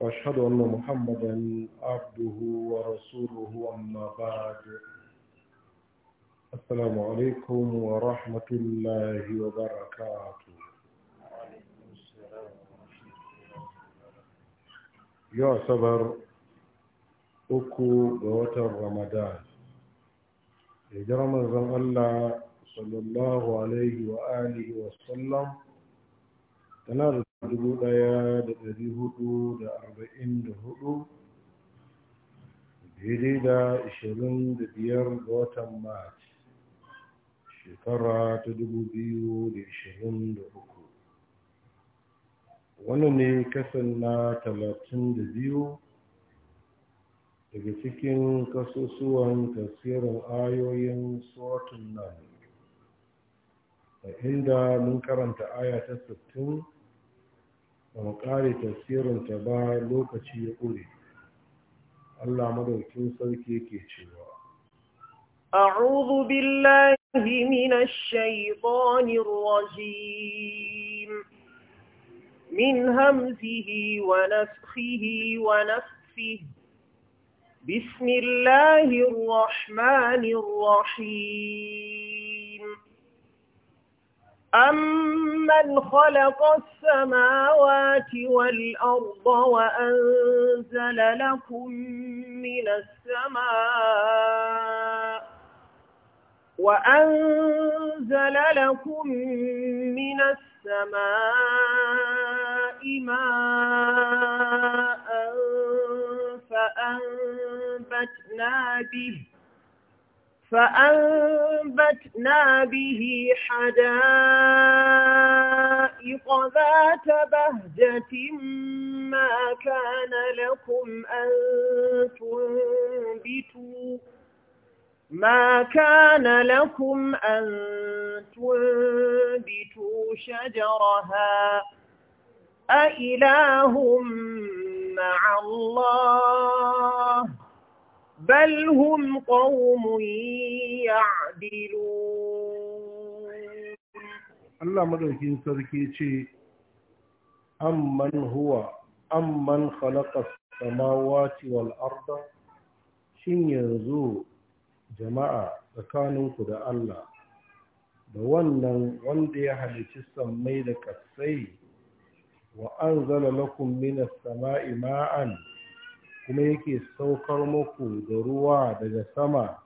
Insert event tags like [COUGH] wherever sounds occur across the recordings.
وأشهد أن محمدا عبده ورسوله أما بعد السلام عليكم ورحمة الله وبركاته يعتبر أكو بوتا رمضان إجرم الزم الله صلى الله عليه وآله وسلم تنادي dubu ɗaya da ɗari hudu da arba'in da hudu daidai da ashirin da biyar ga watan mac shekara ta dubu biyu da ashirin da uku wannan ne kasan na talatin da biyu daga cikin kasusuwan tasirin ayoyin suratun nan a inda mun karanta aya ta sittin ba mu ƙare tasirinta ba lokaci ya ƙure Allah madaukin sarki yake cewa أعوذ بالله من الشيطان الرجيم من همزه ونفخه ونفخه بسم الله الرحمن الرحيم أَمَّنْ خَلَقَ السَّمَاوَاتِ وَالْأَرْضَ وَأَنزَلَ لَكُم مِّنَ السَّمَاءِ وَأَنزَلَ لَكُم مِّنَ السَّمَاءِ مَاءً فَأَنبَتْنَا بِهِ فأنبتنا به حدائق ذات بهجة ما كان لكم أن تنبتوا ما كان لكم أن تنبتوا شجرها أإله مع الله بل هم قوم يعدلون الله مدوكين سركي شيء أمن هو أمن خلق السماوات والأرض shin yanzu jama'a tsakaninku da Allah da wannan wanda ya halici sammai da katsai wa an zala lakum mina sama'i ma'an kuma yake saukar muku da ruwa daga sama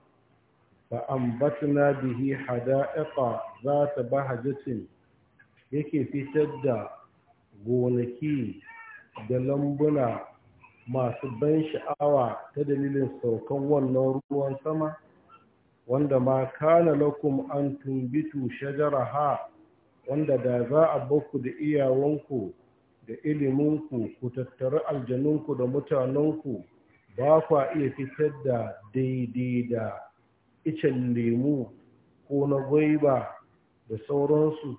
fa ambatuna bihi hada'iqa zata bahajatin yake fitar da gonaki da lambuna masu ban sha'awa ta dalilin saukan wannan ruwan sama wanda ma kana lakum an tumbitu shajaraha wanda da za a baku da iyawanku da iliminku ku tattara aljanunku da mutanenku ba kwa iya fitar da daidai da icen lemu ko na gwaiba da sauransu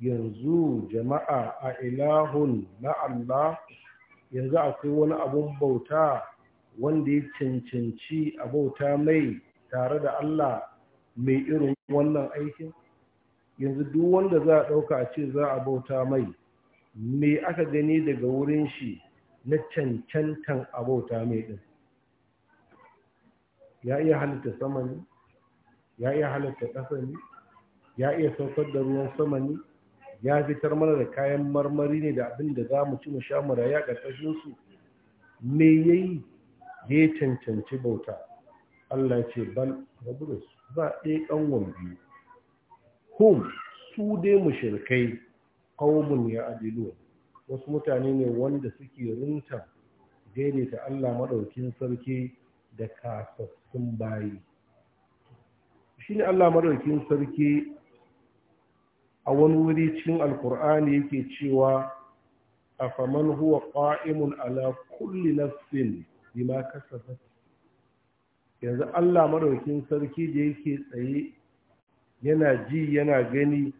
yanzu jama'a a ilahun na Allah yanzu akwai wani abun bauta wanda ya cancanci a bauta mai tare da Allah mai irin wannan aikin yanzu duk wanda za a ɗauka a ce za a bauta mai me aka gani daga wurin shi na cancantan abota mai ɗin ya iya halitta sama ne ya iya halitta ƙasa ne ya iya saukar da ruwan sama ne ya fitar mana da kayan marmari ne da abin da za mu ci mu sha mu raya su me ya yi ya cancanci bauta Allah ce bal rabu da su ba ɗaya ƙanwan biyu hum su dai mu mushrikai ya ya'dilun wasu mutane ne wanda suke runta daidaita Allah madaukin sarki da kasassun bayi Shin Allah madaukin sarki a wani wuri cikin alkur'ani yake cewa afaman huwa qa'imun ala kulli nafsin bima kasabat yanzu Allah madaukin sarki da yake tsaye yana ji yana gani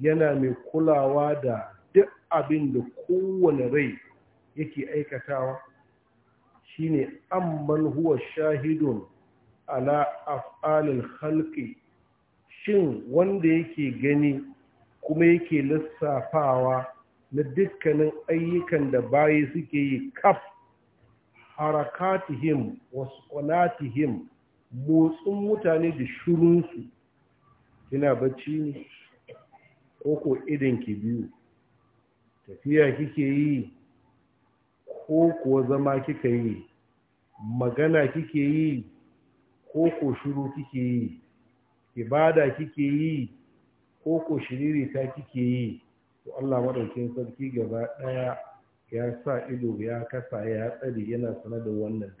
yana mai kulawa da duk abin da kowane rai yake aikatawa shine amman huwa shahidun ala af'alil khalqi shin wanda yake gani kuma yake lissafawa na dukkanin ayyukan da bayi suke yi kaf harakatihim wasqanatihim motsin mutane da shirunsu yana bacci ne ko ko ki biyu tafiya kike yi ko kuwa zama kika yi magana kike yi ko ko shiru kike yi ibada kike yi ko ko shiririta kike yi to Allah madaukakin sarki gaba daya ya sa ido ya kasa ya tsari yana sanar da wannan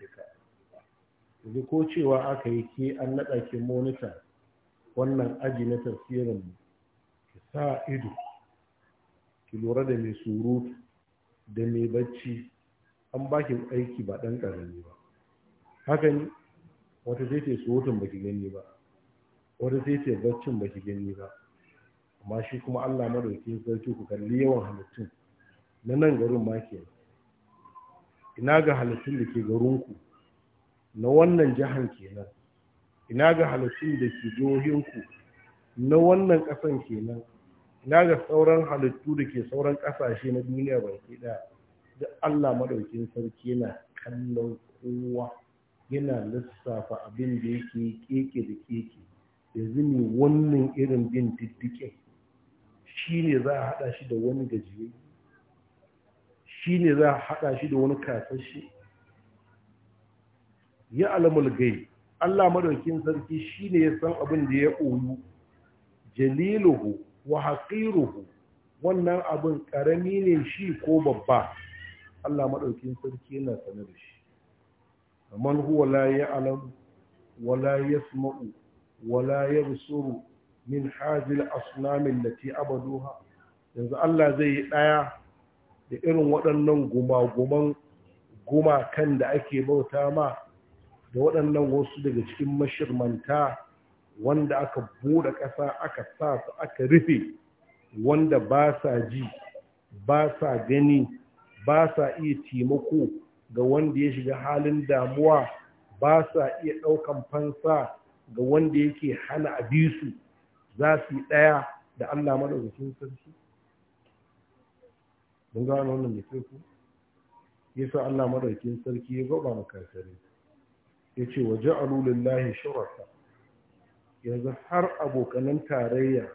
duka ko cewa aka yi ke an naɗa ki monitor wannan aji na tafsirin sa ido ki lura da mai surutu da mai bacci an ba ki aiki ba ɗan karami ba haka ne wata sai ce surutun ki gani ba wata sai ce baccin ba ki gani ba amma shi kuma allah madauki sarki ku kalli yawan halittun na nan garin ma ke ina ga halittun da ke garinku na wannan jihan kenan ina ga halittun da ke jihohinku na wannan ƙasan kenan Na ga sauran halittu da ke sauran ƙasashe na duniya baki ke da Allah Madaukin sarki yana kallon kowa yana lissafa abin da yake keke da keke yanzu ne wannan irin bin diddiƙin shi ne za a haɗa shi da wani gajiye shi ne za a haɗa shi da wani kasashe ya alamul gai Allah Madaukin sarki shi ne ya san abin da ya ƙoyu jaliluhu wa haqiruhu wannan abin ƙarami ne shi ko babba Allah maɗaukin sarki yana sanar da shi man huwa la ya'lam wa la yasma'u wa la yabsuru min hadhihi al-asnam allati abaduha yanzu Allah zai yi daya da irin waɗannan gumaguman gumakan da ake bauta ma da waɗannan wasu daga cikin mashirmanta wanda aka bude ƙasa aka sa su aka rufe wanda ba sa ji ba sa gani ba sa iya taimako ga wanda ya shiga halin damuwa ba sa iya ɗaukan fansa ga wanda yake hana abisu, za su yi ɗaya da Allah maɗaukakin sarki mun gano wannan da ke ku ya sa Allah maɗaukakin sarki ya gaba makasari ya ce waje alulillahi shuraka yanzu har abokanan tarayya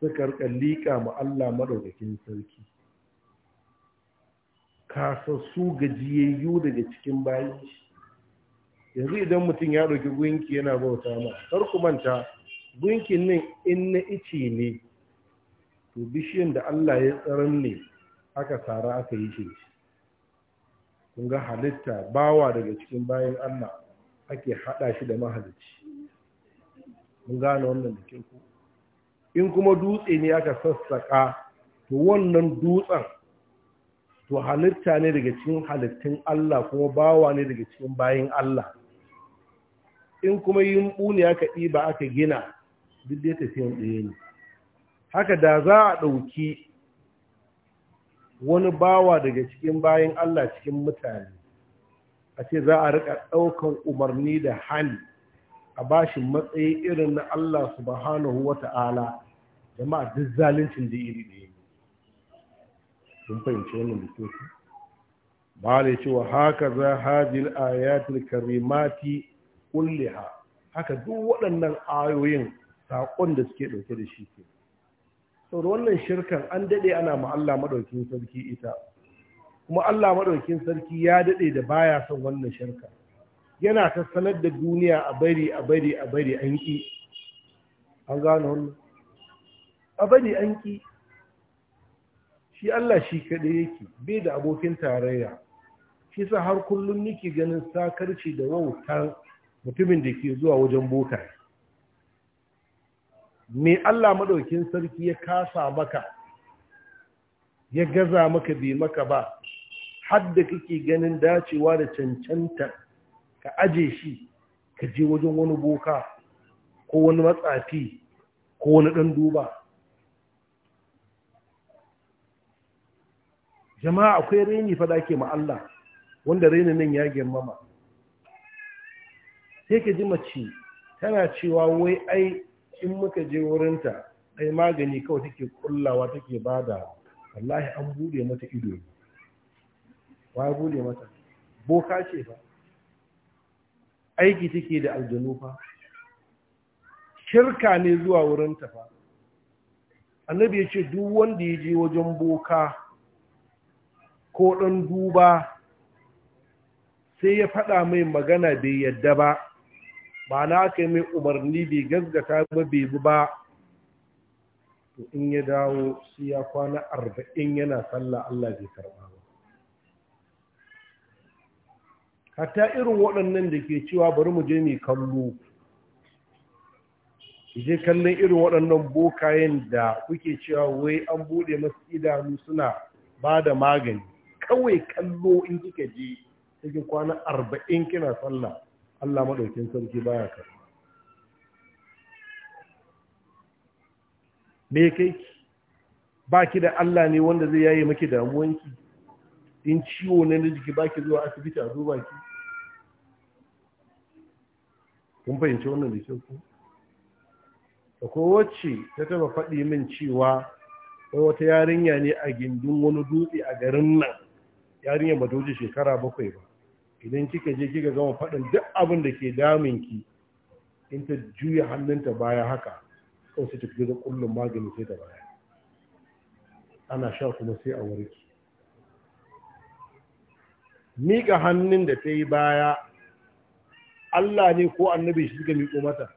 suka rika liƙa ma Allah maɗaukakin sarki kasassu gajiyayyu daga cikin bayan shi yanzu idan mutum ya ɗauki gunki yana bauta ma har ku manta gunkin nan in na ice ne to bishiyan da Allah ya tsaron ne aka tsara aka yi shi kun ga halitta bawa daga cikin bayan Allah ake haɗa shi da mahalicci mun gane wannan da ku in kuma dutse ne aka sassaka to wannan dutsen to halitta ne daga cikin halittun Allah kuma bawa ne daga cikin bayin Allah in kuma yimbu ne aka ɗiba aka gina duk dai tafiyan ɗaya ne haka da za a ɗauki wani bawa daga cikin bayin Allah cikin mutane a ce za a riƙa ɗaukan umarni da hali a bashi matsayi irin na Allah subhanahu wa ta'ala jama'a duk zalincin da iri ne sun fahimci wannan da kyau ba da cewa haka za hajjil ayatul karimati kulliha haka duk waɗannan ayoyin saƙon da suke ɗauke da shi ke wannan shirkan an daɗe ana ma Allah maɗaukin sarki ita kuma Allah maɗaukin sarki ya daɗe da baya son wannan shirka yana ta sanar da duniya a bari a bari a bari an ƙi an gano wannan a bari an ƙi shi Allah shi kaɗai yake bai da abokin tarayya shi sa har kullum nake ganin sakarci da wautar mutumin da ke zuwa wajen boka me Allah maɗaukin sarki ya kasa maka ya gaza maka bai maka ba hadda kake ganin dacewa da cancanta ka aje shi ka je wajen wani boka ko wani matsafi ko wani ɗan duba jama'a akwai raini fa da ke Allah wanda raini nan ya girmama sai ka ji mace tana cewa wai ai in muka je wurinta ai magani kawai take kullawa take bada wallahi an bude mata ido wa bude mata boka ce ba aiki take da aljanu fa shirka ne zuwa wurin ta annabi ya ce duk wanda ya je wajen boka ko ɗan duba sai ya faɗa mai magana bai yadda ba ba na aka mai umarni bai gaggata ba bai bi ba to in ya dawo sai ya kwana arba'in yana sallah Allah bai karɓa hatta irin waɗannan da ke cewa bari mu je mai kallo je kallon irin waɗannan bokayen da kuke cewa wai an buɗe masu idanu suna ba da magani kawai kallo in kika je cikin kwana arba'in kina sallah allah maɗaukin sarki baya ka me kai ba ki da allah ne wanda zai yaye maki damuwanki in ciwo na jiki ba ki zuwa asibiti a duba ki kun fahimci wannan da kyau ku da wacce ta taba faɗi min cewa wai wata yarinya ne a gindin wani dutse a garin nan yarinya ba ta wuce shekara bakwai ba idan kika je kika gama faɗin duk abin da ke daminki in ta juya hannunta baya haka kawai sai ta fi da kullum magani sai ta baya ana sha kuma sai a warke. Mika hannun da ta yi baya Allah ne ko annabi shi suka miƙo mata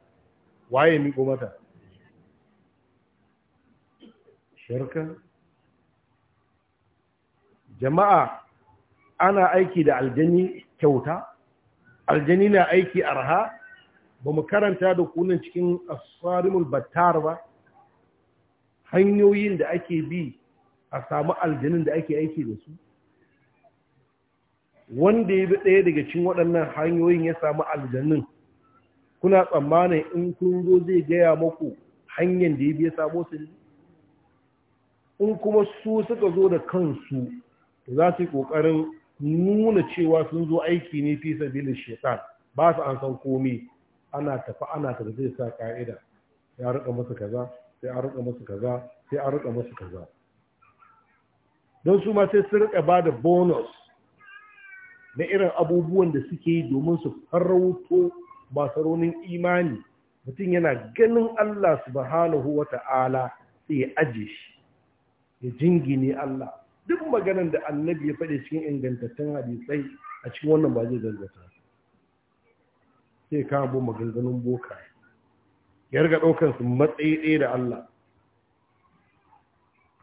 waye miƙo mata shirka jama'a ana aiki da aljani kyauta aljani na aiki arha ba mu karanta da kunan cikin asarimul battar ba hanyoyin da ake bi a samu aljanin da ake aiki da su wanda ya bi ɗaya daga cikin waɗannan hanyoyin ya samu aljannin kuna tsammanin in kun zo zai gaya maku hanyar da ya biya samu su in kuma su suka zo da kansu za su yi ƙoƙarin nuna cewa sun zo aiki ne fi sabilin shekar ba su an san komi ana tafi ana tafi zai sa ƙa'ida sai rika masu kaza sai a rika masu kaza sai a rika masu kaza don su ma sai su rika ba da bonus na irin abubuwan da suke yi domin su farauto saronin imani mutum yana ganin Allah subhanahu wa ta'ala sai ya aje shi ya jingine Allah duk maganar da annabi ya faɗi cikin ingantattun hadisai a cikin wannan ba zai gangata sai kama bo maganganun boka ya riga ɗaukar su matsayi ɗaya da Allah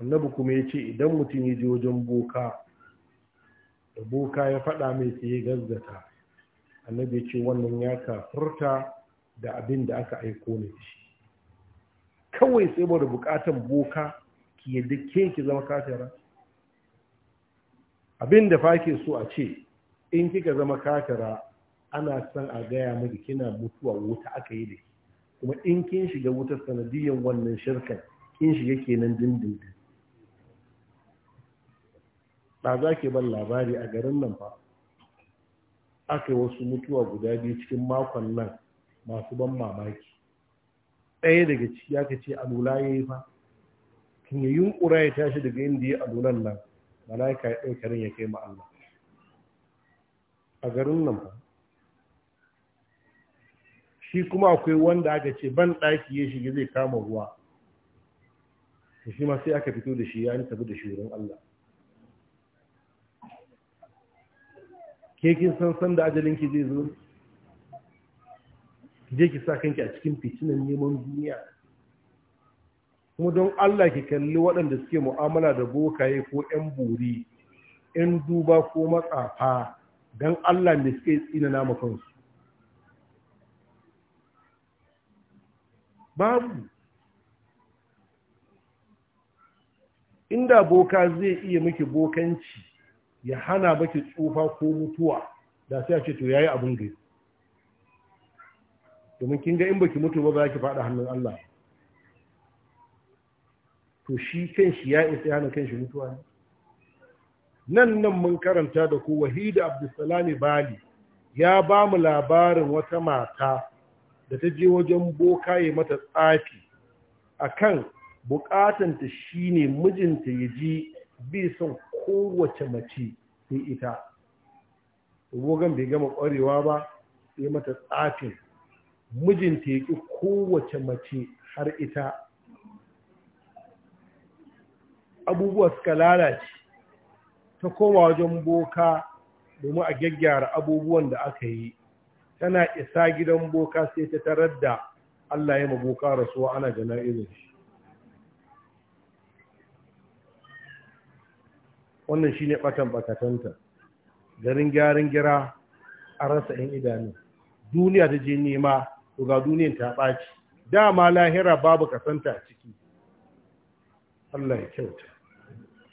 annabi kuma ya ce idan mutum ya je wajen boka da boka ya faɗa mai sai gazgata annabi ce wannan ya kafurta da abin da aka aiko ne da shi kawai sai da bukatan boka ki yadda ke ki zama kafira abin da fa ke so a ce in kika zama kafira ana san a gaya miki kina mutuwa wuta aka yi da kuma in kin shiga wutar sanadiyan wannan shirkan kin shiga kenan dindindin ba za ke ban labari a garin nan fa aka yi wasu mutuwa guda biyu cikin makon nan masu ban mamaki ɗaya daga ciki ya ce alula ya yi fa kan yi yunƙura ya tashi daga inda ya alulan nan mala'ika ya ɗaukarin ya kai ma a garin nan fa shi kuma akwai wanda aka ce ban ɗaki ya shiga zai kama ruwa shi ma sai aka fito da shi ya tafi da shi wurin Allah ke kin san san da ajalin ki zai zo ki je ki sa kanki a cikin fitinan neman duniya kuma don Allah ki kalli waɗanda suke mu'amala da bokaye ko ƴan buri ƴan duba ko matsafa don Allah ne suke tsina na kansu babu inda boka zai iya miki bokanci ya hana baki tsufa ko mutuwa da sai a ce to yayi abin gari domin kin ga in baki mutu ba za ki faɗa hannun Allah to shi kan shi ya isa hana shi mutuwa ne nan nan mun karanta da ku wahida abdulsalami bali ya ba mu labarin wata mata da ta je wajen boka ya mata tsafi akan bukatanta shine mijinta ya ji bi son kowace mace sai ita gogan bai gama ƙwarewa ba sai mata tsafin mijin ya ƙi kowace mace har ita abubuwa suka lalace ta koma wajen boka domin a gyaggyara abubuwan da aka yi tana isa gidan boka sai ta tarar da allah ya ma boka rasuwa ana jana'izar shi wannan shi ne ɓatan ɓakatanta garin gyaran gira a rasa 'yan idanu duniya ta je nema to ga duniyan ta ɓaci dama lahira babu kasanta a ciki Allah ya kyauta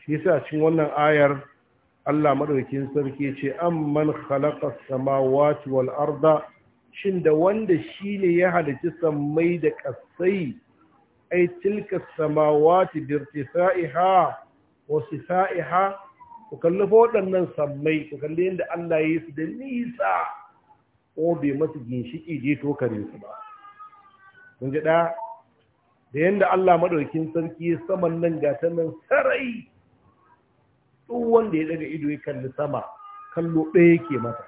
shi sa cin wannan ayar Allah maɗaukin sarki ce an man khalaqa samawati wal arda shin da wanda shi ne ya halici sammai da kasai ai tilka samawati birtisa'iha wasu sa'iha ku kalli fa waɗannan sammai ku kalli yadda Allah ya yi su da nisa ko bai masu ginshiki je tokare su ba Mun ji ɗaya da yadda Allah maɗaukin sarki saman nan ta nan sarai duk wanda ya daga ido ya kalli sama kallo ɗaya yake mata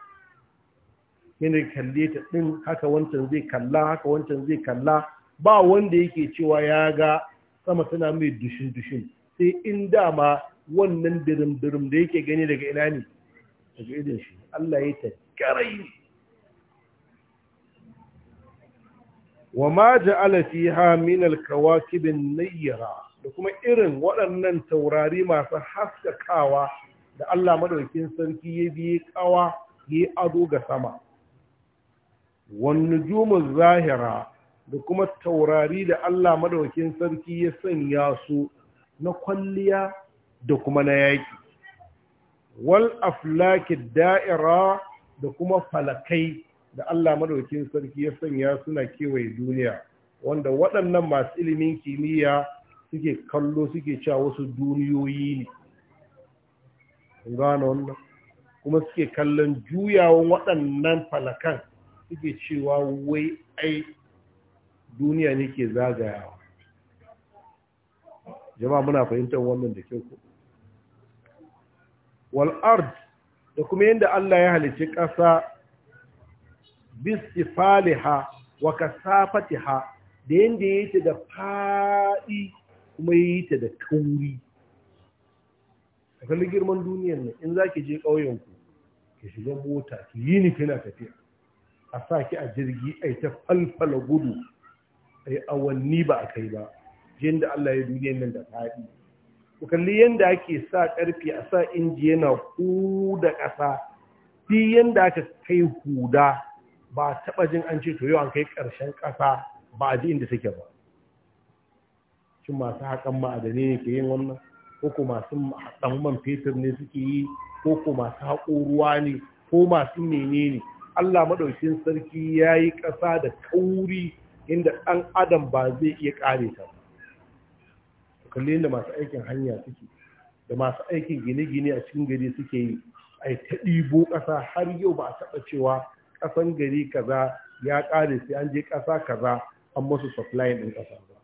yana kalle ta ɗin haka wancan zai kalla haka wancan zai kalla ba wanda yake cewa ya ga sama tana mai dushin dushin sai in dama wannan dirim-dirim da yake gani daga ina ne daga idin shi Allah ya ta karai wa ma ja'ala fiha min al-kawakib an-nayyira da kuma irin waɗannan taurari masu haskakawa da Allah madaukakin sarki ya biye kawa ya ado ga sama wan nujumu zahira da kuma taurari da Allah madaukakin sarki ya sanya su na kwalliya da kuma na yaƙi wal aflaki da'ira da kuma falakai da Allah madaukin sarki ya sanya suna kewaye duniya wanda waɗannan masu ilimin kimiyya suke kallo suke cewa wasu duniyoyi ne gano wannan kuma suke kallon juyawan waɗannan falakan suke cewa wai ai duniya ne ke zagayawa jama'a muna fahimtar wannan da kyau ko wal ard da kuma yanda Allah ya halicci ƙasa bisifaliha wa kasafatiha da yanda ya yi da faɗi kuma ya yi da kauri a girman duniyar nan in za ki je ƙauyenku ki shiga mota ki yi ni kina tafiya a sa a jirgi a ta falfala gudu a yi awanni ba a kai ba yadda Allah ya duniyar nan da faɗi ku kalli yadda ake sa ƙarfi a sa inji yana huda ƙasa fi yadda aka kai huda ba taɓa jin an ce to yau an kai ƙarshen ƙasa ba a ji inda suke ba Shin masu haƙan ma'adani ne ke yin wannan ko ko masu haƙan man fetur ne suke yi ko ko masu haƙo ruwa ne ko masu menene ne Allah maɗaukin sarki ya yi ƙasa da kauri inda ɗan adam ba zai iya ƙare ta ba kalli yadda masu aikin hanya suke da masu aikin gine-gine a cikin gari suke yi a ta ɗibo ƙasa har yau ba a taɓa cewa ƙasan gari kaza ya ƙare sai an je ƙasa kaza an masu supply ɗin ƙasa ba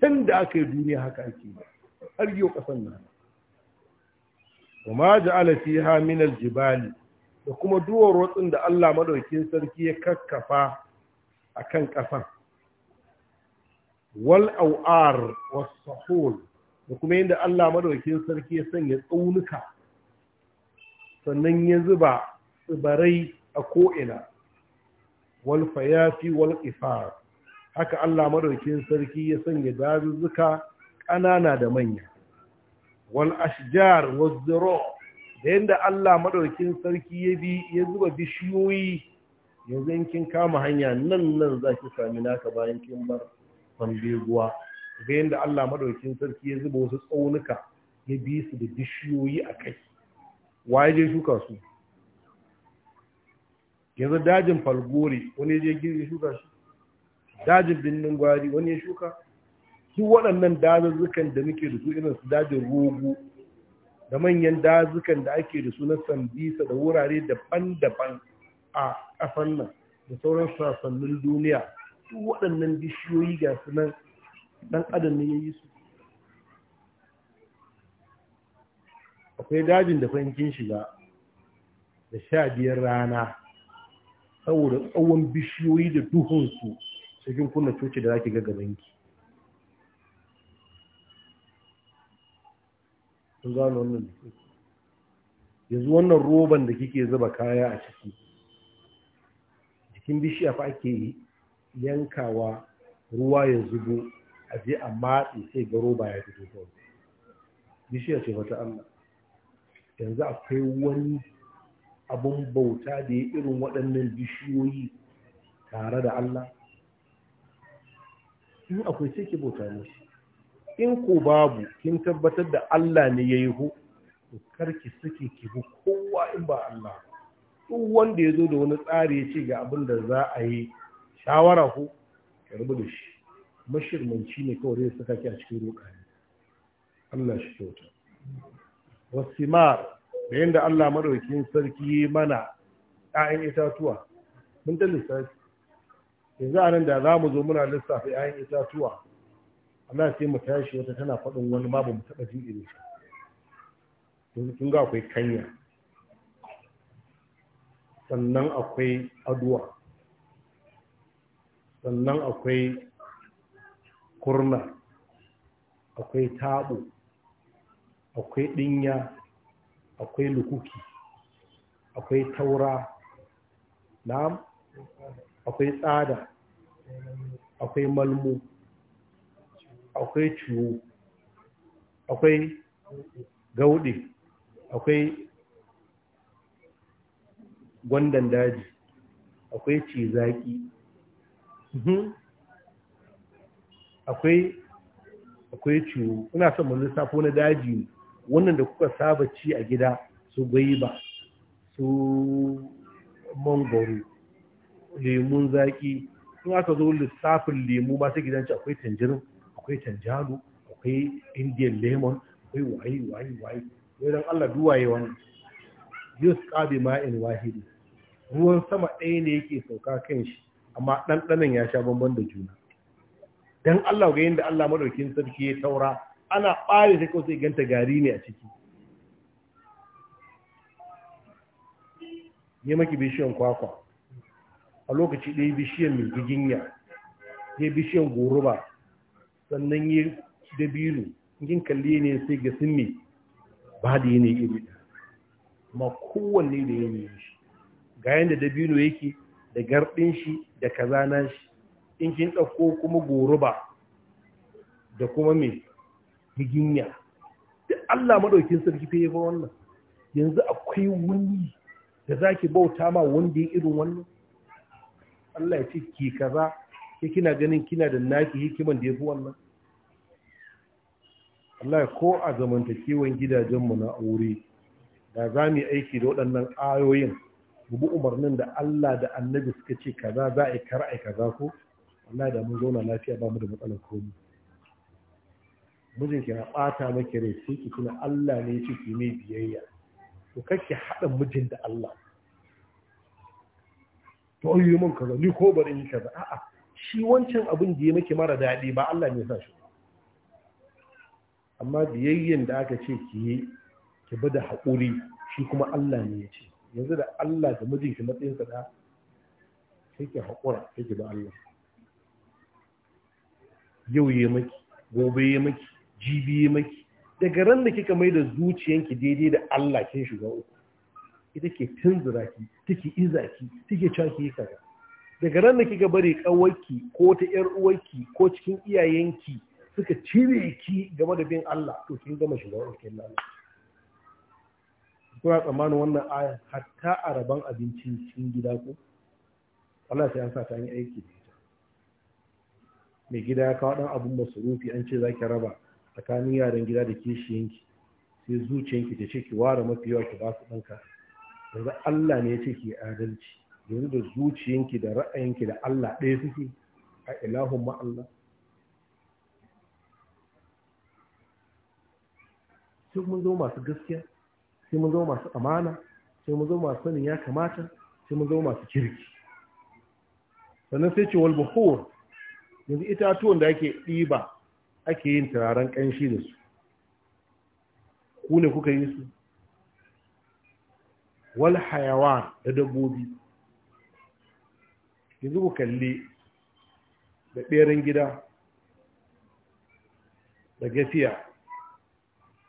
tun da aka yi duniya haka ake ba har yau ƙasan nan kuma ja'ala fiha min Jibali, da kuma duwar rotsin da Allah Maɗaukin sarki ya kakkafa kan ƙasan wal au'ar was sahul da kuma yadda Allah madaukin sarki ya sanya tsaunuka sannan ya zuba tsibarai a ko'ina wal fayafi wal ifar, haka Allah maɗaukin sarki ya sanya dazuzzuka ƙanana da manya wal ashjar waz da yadda Allah maɗaukin sarki ya bi ya zuba bishiyoyi yanzu kin kama hanya nan nan zaki sami naka bayan kin bar kwambeguwa ga yadda Allah madaukin sarki ya zuba wasu tsaunuka ya bi su da bishiyoyi a kai waye je shuka su yanzu dajin falgore wani ya je shuka shi dajin binnin gwari wani ya shuka Su waɗannan dazuzzukan da muke da su irin su dajin rogo da manyan dazukan da ake da su na sambisa da wurare daban-daban a ƙasar nan da sauran sassanin duniya duk waɗannan bishiyoyi ga su nan ɗan adam ne ya yi su akwai dajin da fankin shiga da sha biyar rana saboda tsawon bishiyoyi da duhunsu cikin kunna coci da zaki ga gabanki sun gano wannan yanzu wannan roban da kike zuba kaya a ciki jikin bishiya fa ake yi yankawa ruwa ya zubo a je a matse sai ga roba ya fito kawai Bishiyar ce wata Allah yanzu akwai wani abun bauta da ya irin waɗannan bishiyoyi tare da Allah in akwai sai ke bauta mashi in ko babu kin tabbatar da Allah ne ya yi hu to karki suke ki bi kowa in ba Allah duk wanda ya zo da wani tsari ya ce ga abin da za a yi shawara ko ya rubu da shi mashirmanci ne kawai zai saka ke a cikin ne Allah shi kyauta ma da yadda Allah maɗaukin sarki mana ‘ya'yan itatuwa mun ta lissafi yanzu a nan da za mu zo muna lissafi ‘ya'yan itatuwa Allah sai mu tashi wata tana faɗin wani babu mu taɓa jin irin shi yanzu kun ga akwai kanya sannan akwai aduwa sannan akwai kurna akwai taɓo akwai ɗinya akwai lukuki akwai taura na'am akwai tsada akwai malmo akwai ciwo akwai gauɗe akwai gwandan daji akwai cizaki Mhm. akwai akwai ciwo ina son mun lissafo na daji wannan da kuka saba ci a gida su gwaiba su mangoro lemun zaki in aka zo lissafin lemu ba sai gidanci akwai tanjirin akwai tanjalu, akwai indian lemon akwai waye waye waye don Allah duwaye wannan yus qabi ma'in wahidi ruwan sama ɗaya ne yake sauka kan shi amma ɗanɗanan ya sha bamban da juna don Allah ga yinda Allah maɗaukin sarki ya taura ana ɓare ta kawai ganta gari ne a ciki ya maki bishiyan kwakwa a lokaci ɗaya bishiyan mai giginya ya bishiyan goruba sannan ya dabiru yin kalli ne sai ga sun ba da yanayi iri ma kowanne da yanayi shi ga yadda dabino yake da garɗin shi da kazanan shi in kin ɗauko kuma goruba da kuma mai higinya da Allah madaukin sarki fa wannan yanzu akwai wani da zaki bauta ma wanda ya irin wannan Allah ya ce ki kaza ke kina ganin kina da naki hikiman da yafi wannan Allah ya ko a zamantakewan gidajenmu na aure da za mu yi aiki da waɗannan ayoyin bi umarnin da Allah da annabi suka ce kaza za a yi kar a kaza ko Allah da mun zauna lafiya ba mu da matsalar komi mijinki na ɓata maki rai sai ki kuma Allah ne ya ce ki mai biyayya to kake haɗa mijin da Allah to an yi kaza ni ko bari yi kaza a'a shi wancan abin da ya maki mara daɗi ba Allah ne ya sa shi amma biyayyen da aka ce ki yi ki bi da haƙuri shi kuma Allah ne ya ce yanzu da Allah da mijinki matsayin sa da sai ke haƙura sai ke ba Allah yau yi maki gobe yi maki jibi yi maki daga ran da kika mai da zuciyanki daidai da Allah kin shiga uku ita ke tunzura ki take iza ki take caki kaza daga ran da kika bari kawarki ko ta yar uwarki ko cikin iyayenki suka cire ki game da bin Allah to kin gama shiga uku kenan Allah kuna tsammanin wannan aya hatta a rabon abincin cikin gida ko Allah sai an sa ta yi aiki da ita mai gida ya kawo dan abun masarufi an ce zaki raba tsakanin yaran gida da kishiyanki sai zuciyanki ta ce ki ware mafi yawa ki ba su ɗanka yanzu Allah ne ya ce ki adalci yanzu da zuciyanki da ra'ayinki da Allah ɗaya suke a ilahun ma Allah sai mun zo masu gaskiya sai mun zama masu amana sai mun zama masu sanin ya kamata sai mun zama masu kirki sannan sai ce walbuhur yanzu itatuwan da ake ɗiba ake yin turaren ƙanshi da su ku ne kuka yi su wal hayawa da dabbobi yanzu ku kalli da ɓerin gida da gafiya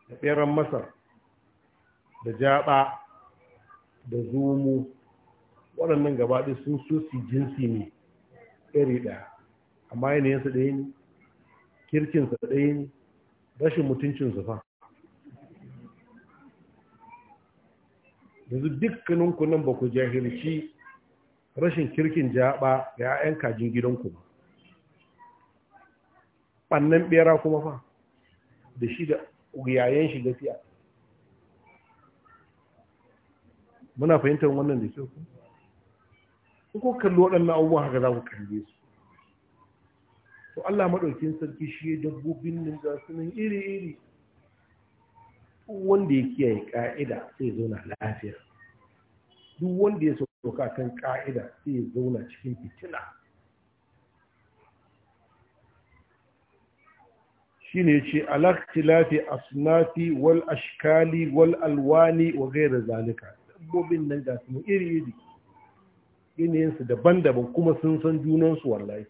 da ɓeran masar da jaba da zumu, waɗannan gaba ɗaya sun so su jinsi ne iri ɗaya amma yanayinsu ɗaya ne kirkinsa ɗaya ne rashin mutuncinsu fa yanzu dukkaninku nan ba ku jahilci rashin kirkin jaba ga 'ya'yan kajin gidanku ba ɓannan ɓera kuma fa da shi da yayen shi gafiya muna fahimtar wannan da kyau in ko kalli waɗannan abubuwan haka za ku kalle su to Allah maɗaukin sarki shi ya dabbobin nan ga su nan iri-iri wanda ya kiyaye ƙa'ida sai ya zauna lafiya duk wanda ya sauka kan ƙa'ida sai ya zauna cikin fitila. shi ne ce alaktilafi asnafi wal ashkali wal alwani wa gaira zalika dabbobin nan ga su iri iri yanayinsu daban-daban kuma sun san junansu wallahi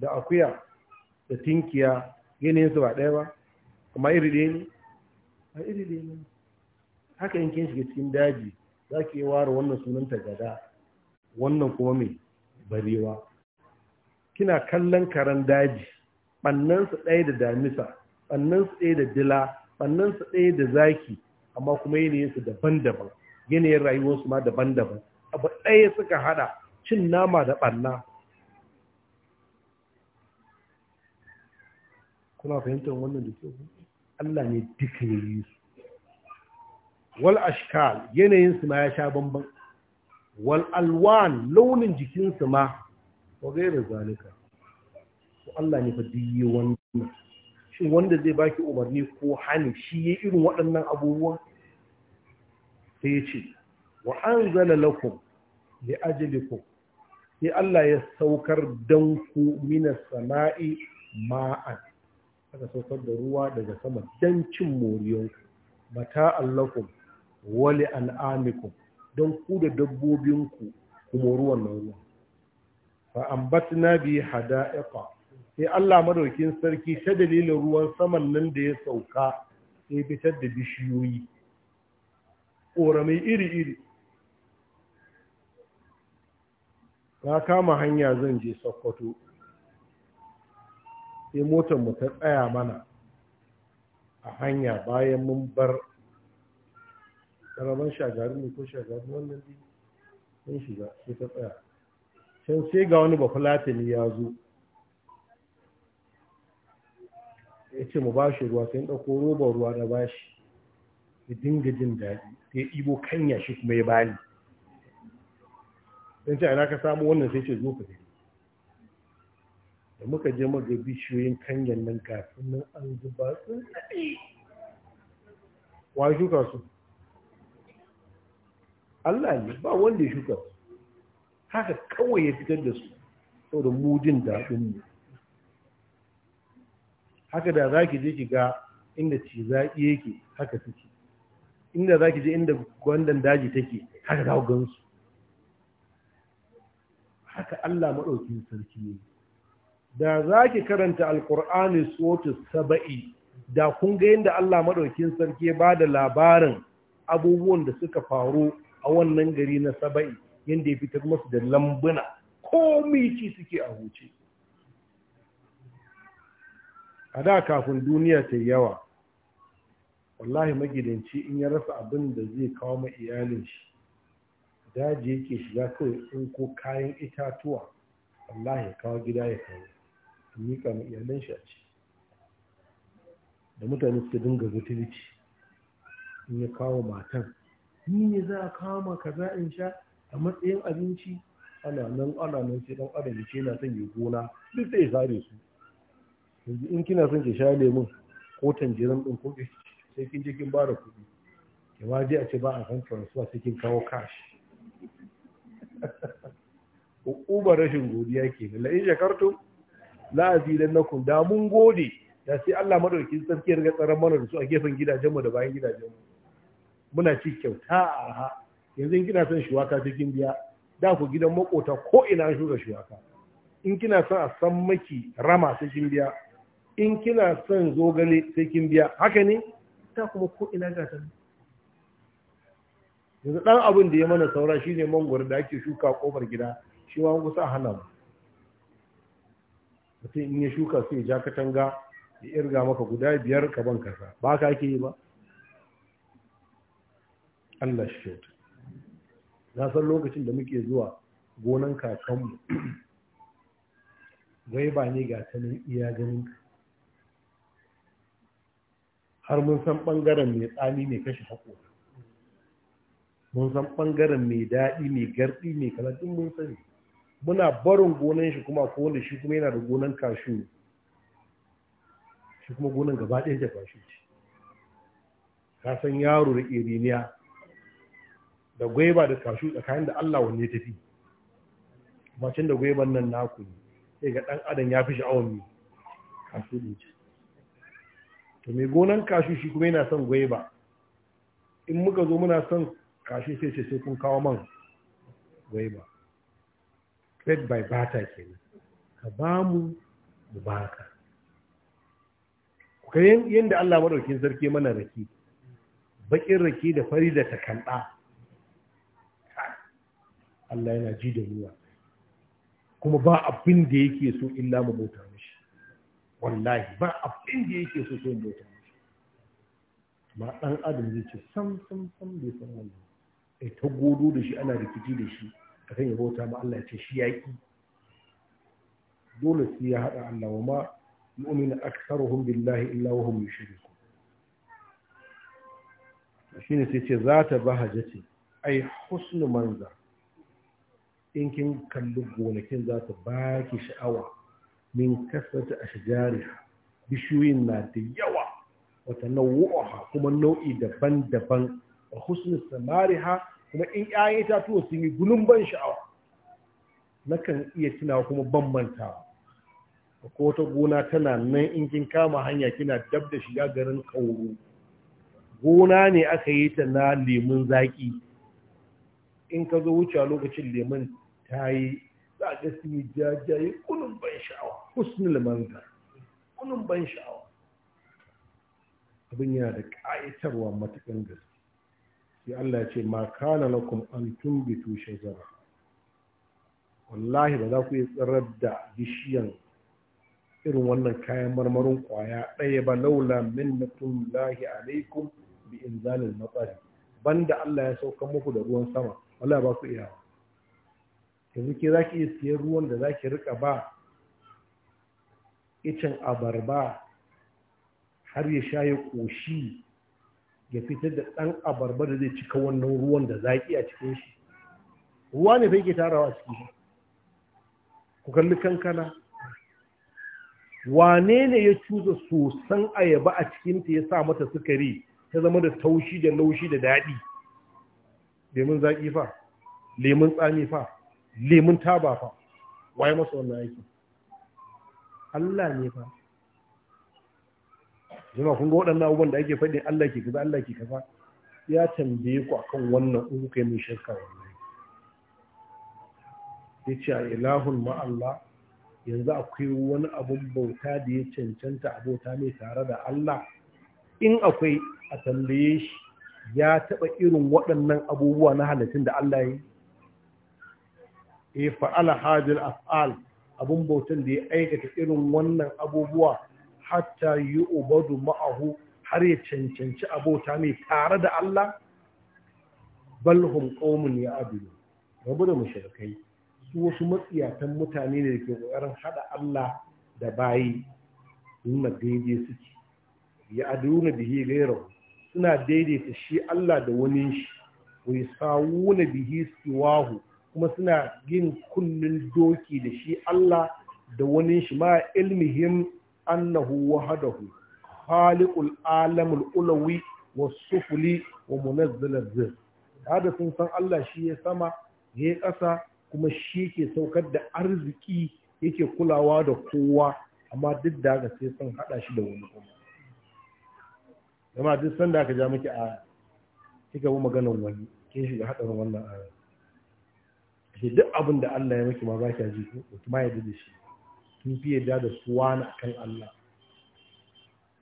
da akuya da tinkiya yanayinsu ba ɗaya ba kuma iri ɗaya ne a iri ɗaya ne haka yankin shiga cikin daji za ki yi ware wannan sunanta gada wannan kuma mai barewa kina kallon karen daji ɓannansu ɗaya da damisa ɓannansu ɗaya da dila ɓannansu ɗaya da zaki amma kuma yanayinsu daban-daban yanayin rayuwarsu ma daban-daban abu ɗaya suka hada cin nama da ɓanna kuna fahimtar wannan da kyau Allah ne duka ya yi su wal ashkal yanayinsu ma ya sha bambam. wal alwan launin jikinsu ma wa gairar zalika Allah ne fa yi wannan shi wanda zai baki umarni ko hannu shi ya irin waɗannan abubuwan sai ya ce wa an zala lakum da ajalikum sai Allah ya saukar don ku mina sama'i ma'an aka saukar da ruwa daga sama don cin moriyanku mata allakum wali an'amikum don ku da dabbobinku kuma ruwan nan ruwa fa ambatna bi hada'iqa sai Allah madaukin sarki ta dalilin ruwan saman nan da ya sauka sai fitar da bishiyoyi Ƙorami iri-iri na kama hanya zan je sokoto sai motar mu ta tsaya mana a hanya bayan mun bar ƙaramin shagari ne ko shagari wannan ne sun shiga sai ta tsaya can sai ga wani bafulatani ya zo ya ce mu ba shi ruwa sai ɗauko robar ruwa da bashi ya dinga jin daɗi sai ibo kanya shi kuma ya bani don ce ana ka samu wannan sai ce zo ka gani da muka je maga bishiyoyin kanyan nan kafin nan an zuba su wa shuka su Allah ne ba wanda ya shuka su haka kawai ya fitar da su saboda mudin daɗin mu haka da za ki je ki ga inda ci zaƙi yake haka suke inda za ki je inda gwandan daji take haka za ku gansu haka Allah maɗaukin sarki ne da za ki karanta alkur'ani sotu saba'i da kun ga yadda Allah maɗaukin sarki ya ba da labarin abubuwan da suka faru a wannan gari na saba'i yadda ya fitar masu da lambuna komi ci suke a huce a da kafin duniya ta yawa wallahi magidanci in ya rasa abin da zai kawo ma iyalin shi daji yake shiga kawai in ko kayan itatuwa wallahi ya kawo gida ya kawo miƙa ma iyalan shi a ci da mutane suka dinga zutulici in ya kawo matan ni ne za a kawo ma kaza in sha a matsayin abinci ana nan ana nan sai dan adam na son ya gona duk sai sare su yanzu in kina son ki sha lemun ko tanjirin din ko ki sai kin je kin ba da kuɗi Ya ma je a ce ba a san transfer sai kin kawo cash ubar [LAUGHS] rashin godiya ke la la'azi dan na azidannakum da mun gode da sai Allah madaukakin sarki ya riga tsaron mana da su a gefen gidajen mu da bayan gidajen mu muna ci kyauta a arha yanzu in kina son shuwaka cikin biya da ku gidan makota ko ina an shuka shuwaka in kina son a san maki rama sai kin biya in kina son zogale sai kin biya haka ne ta kuma ko ina yanzu ɗan abin da ya mana saura shi ne mangwaro da ake shuka kofar gida shi ma kusa hana mu mutum in ya shuka sai ya ja katanga ya irga maka guda biyar ka ban kasa ba ka ake yi ba Allah shi kyauta na san lokacin da muke zuwa gonan kakanmu gwaiba ne ga tanin iya ganinka. har mun san ɓangaren mai tsami mai kashe haƙora mun san ɓangaren mai daɗi mai garɗi mai kalatin mun sani muna barin gonan shi kuma ko wanda shi kuma yana da gonan kashu shi kuma gonan gaba ɗaya da kashu ce ka san yaro da iriniya da gwaiba da kashu tsakanin da Allah wanne tafi macin da gwaiban nan naku ne sai ga ɗan adam ya fi sha'awar mai kashu ɗin ce to mai gonan kashi shi kuma yana son gwaiba in muka zo muna son kashi sai sai kun kawo man gwaiba trade by barter kenan ka ba mu mu baka ka yadda Allah maɗaukin sarki mana rake bakin rake da fari da takanɗa Allah yana ji da ruwa kuma ba abin da yake so illa mu mota wallahi ba abin da yake so sai bauta mishi ba dan adam zai ce sam sam sam bai san Allah ai ta godo da shi ana rikici da shi a kan ya bauta ma Allah ya ce shi yaki dole sai ya haɗa Allah wa ma mu'minu aktsaruhum billahi illa wa hum yushrikun shine sai ce za ta bahajati ai husnu manzar in kin kalli gonakin za ta baki sha'awa min kasrati ashjariha bishiyoyin na da yawa wata nau'uha kuma nau'i daban-daban a husni samariha kuma in ta itatuwa sun yi gunun ban sha'awa nakan iya tunawa kuma ban mantawa ko wata gona tana nan in kin kama hanya kina dab da shiga garin kauro gona ne aka yi ta na lemun zaki in ka zo wucewa lokacin lemun ta yi za a ga sun yi jajaye kunun ban sha'awa husnul manzar kunun ban sha'awa abin yana da ƙayatarwa matakan gaske sai Allah ya ce ma kana lakum an tumbitu shajara wallahi ba za ku yi tsirar da bishiyan irin wannan kayan marmarin kwaya ɗaya ba laula minnatun lahi alaikum bi inzalil matsari banda Allah ya sauka muku da ruwan sama wallahi ba ku iya. yanzu ke za ki iya siyan ruwan da za ki rika ba Icin abarba har ya sha ya ƙoshi ya fitar da ɗan abarba da zai cika wannan ruwan da zaƙi a cikin shi ruwa ne fai ke tarawa a ciki ku kalli kankana wane ne ya cuza sosan ayaba a cikinta ya sa mata sukari ta zama da taushi da laushi da daɗi lemun zaƙi fa lemun tsami fa lemun taba fa waye masa wannan aiki Allah ne fa Zama kun ga waɗannan abubuwan da ake faɗi Allah ke kaza Allah ke kaza ya tambaye ku akan wannan in kuka yi mai shirka wallahi ya ce a ilahun ma Allah yanzu akwai wani abun bauta da ya cancanta abota mai tare da Allah in akwai a tambaye shi ya taɓa irin waɗannan abubuwa na halittun da Allah ya yi? E fa'ala hajjil af'al Abin bautan da ya aikata irin wannan abubuwa hatta yi ubadu ma'ahu har ya cancanci abota mai tare da Allah balhum qaumun ya abudu rabu da mushrikai su wasu matsiyatan mutane ne da ke kokarin hada Allah da bayi ma daidai suke ya aduna bihi gairahu suna daidaita shi Allah da wani shi wa yasawuna bihi siwahu kuma suna yin kunnin doki da shi Allah da wani shi ma ilmihim annahu wahadahu khaliqul alamul ulawi was sufli wa munazzilaz zir hada sun san Allah shi ya sama ya ƙasa kuma shi ke saukar da arziki yake kulawa da kowa amma duk da haka sai san hada shi da wani kuma jama'a duk sanda aka ja miki a kika bi maganar wani kin shiga hadarin wannan aya shi duk abin da Allah ya maki ma ba ki ji ku ma yadda da shi kin fi yadda da suwa na kan Allah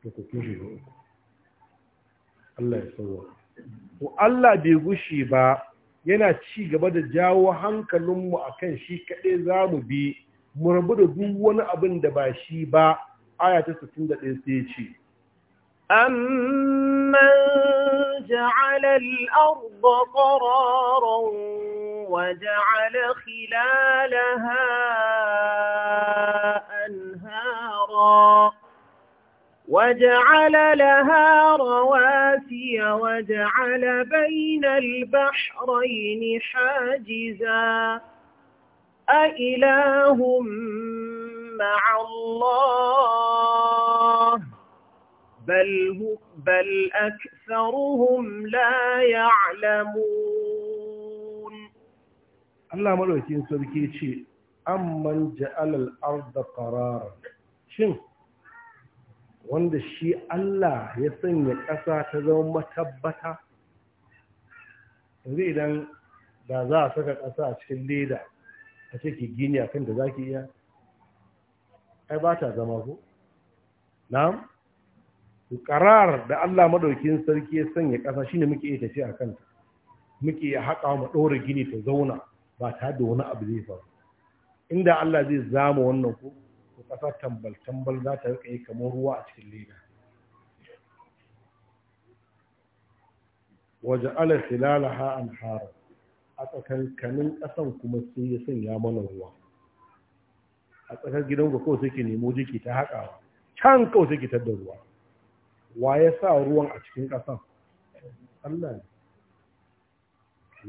to ku kin shiga uku Allah ya sauwa ko Allah bai gushi ba yana ci gaba da jawo hankalinmu akan shi kaɗai za mu bi mu rabu da duk wani abin da ba shi ba aya ta 61 sai ce أمن جعل الأرض قرارا وجعل خلالها أنهارا وجعل لها رواسي وجعل بين البحرين حاجزا أإله مع الله بل, بل أكثرهم لا يعلمون Allah maɗaukin sarki ce amman ja'alal arda qararan shin wanda shi Allah ya sanya ƙasa ta zama matabbata yanzu idan da za a saka ƙasa a cikin leda a ciki gini a kan da za ki iya ai ba ta zama ko na'am ƙarar da Allah maɗaukin sarki ya sanya ƙasa shine muke iya tafiya a kanta muke iya haƙa ma ɗora gini ta zauna ba ta da wani abu zai faru inda Allah zai zama wannan ko ko kasa tambal tambal za ta rika yi kamar ruwa a cikin leda waje ala an hara a tsakankanin ƙasan kuma sai ya sanya mana ruwa a tsakar gidan ga kawai suke nemo jiki ta haka can kawai suke tattar ruwa wa ya sa ruwan a cikin ƙasan Allah ne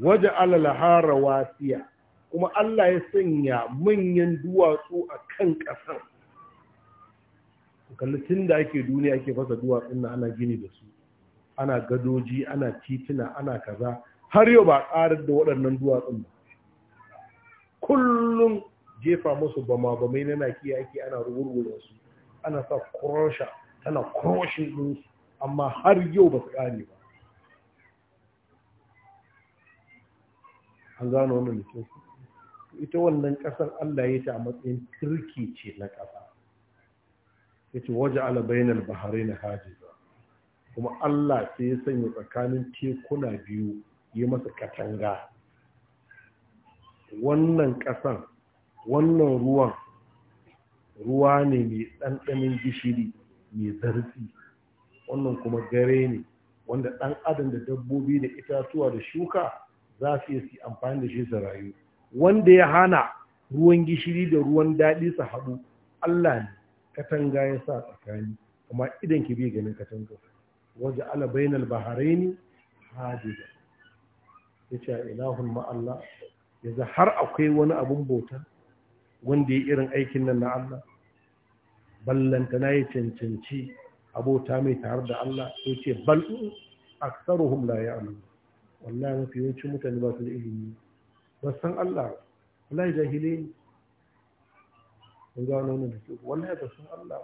waje alalahara wasiya kuma Allah ya sanya manyan duwatsu a kan ƙasar tun da ake duniya ake fasa duwatsun na ana gini da su ana gadoji ana titina ana kaza har yau ba ƙarar da waɗannan duwatsun ba kullum jefa musu bama bamai na naki ake ana rugurgura su ana sa kurosha tana kuroshin ɗinsu amma har yau ba su ƙare ba an gano wannan da ita wannan ƙasar Allah ya ta a matsayin turki ce na kasa ya waje ala bainal bahari na hajiza kuma Allah sai ya sanya tsakanin tekuna biyu ya masa katanga wannan kasan wannan ruwan ruwa ne mai ɗanɗanin gishiri mai zarfi wannan kuma gare ne wanda ɗan adam da dabbobi da itatuwa da shuka za su yi amfani da shi su rayu wanda ya hana ruwan gishiri da ruwan daɗi su haɗu Allah ne katanga ya sa tsakani amma idan ki bi ganin katanga wajen ala bainal baharaini ce yace ilahun ma'alla Allah yanzu har akwai wani abun bauta wanda ya irin aikin nan na Allah ballanta na ya cancanci abota mai tare da Allah Ya yace bal aktsaruhum la ya'lamun wallahi mafi yawancin mutane ba su da ilimi ba san Allah wallahi jahili ne kun ga wannan da ke wallahi ba san Allah